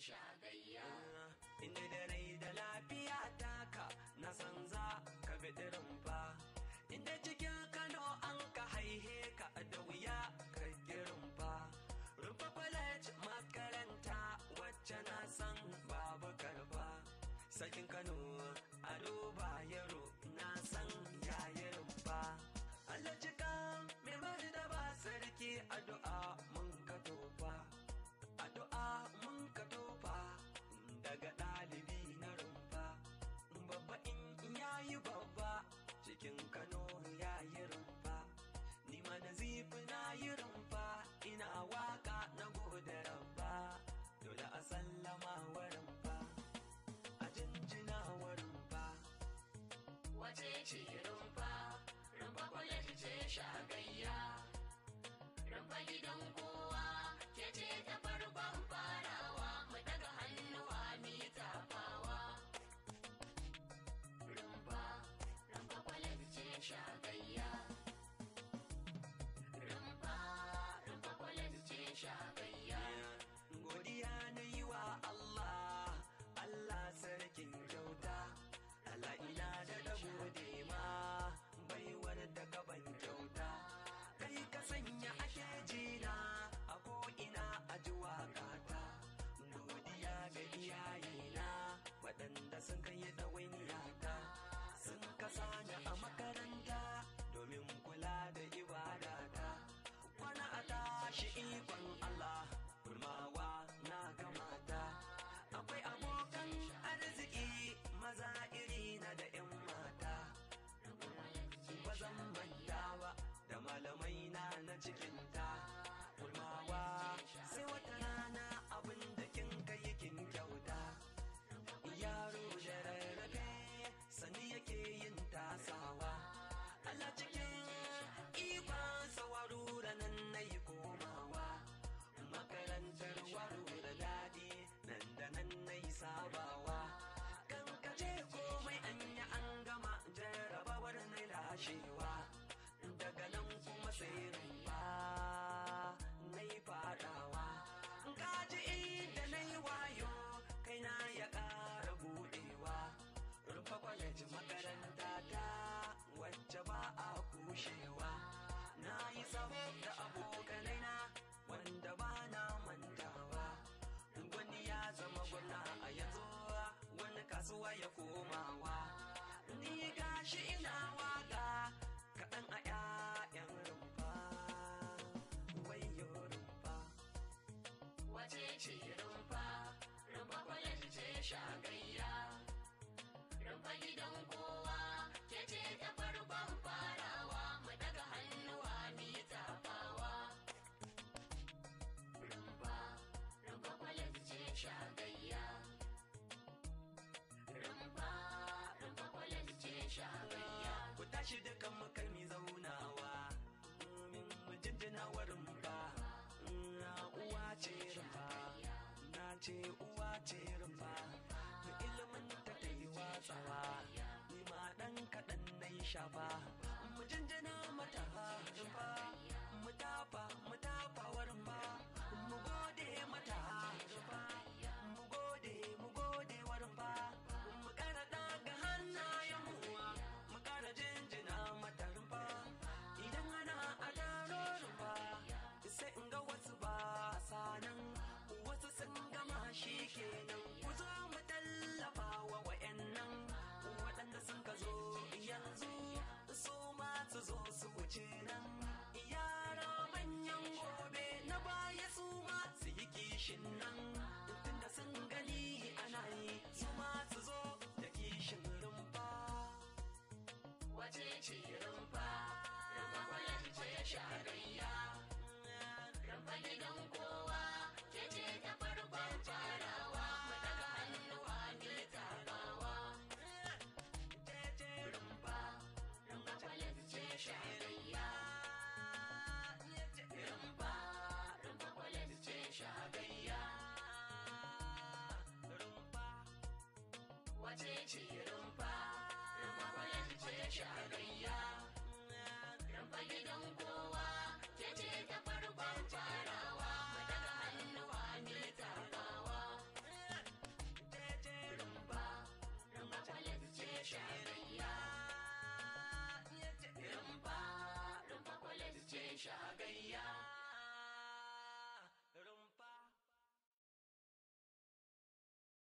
yan Inda da rai da lafiya taka na san za ka bidirin fa. Inda cikin Kano an ka haihe ka da wuya ka girin fa. Rufa makaranta wacce na san babu karba, Sakin Kano ce rumfa rumfa kwalati ce shagayya rumfa gidan kowa ya komawa ni gashi ina waka kaɗan a ƴaƴan rumfa wayo rumfa wace ce rumfa rumfa kwallon ce shagayya rumfa gidan kowa ke ce ta gashi dukan mu mi zaunawa min mu jinjina warin mu ba na uwa ce rumfa na ce uwa ce rumfa da ilimin ta ta yi watsawa ni ma dan kaɗan na yi shafa mu jinjina mata rumfa mu dafa ce ci rumfa rumfa kwayan ce shi rumfa gidan kowa ke ce ta farkon fara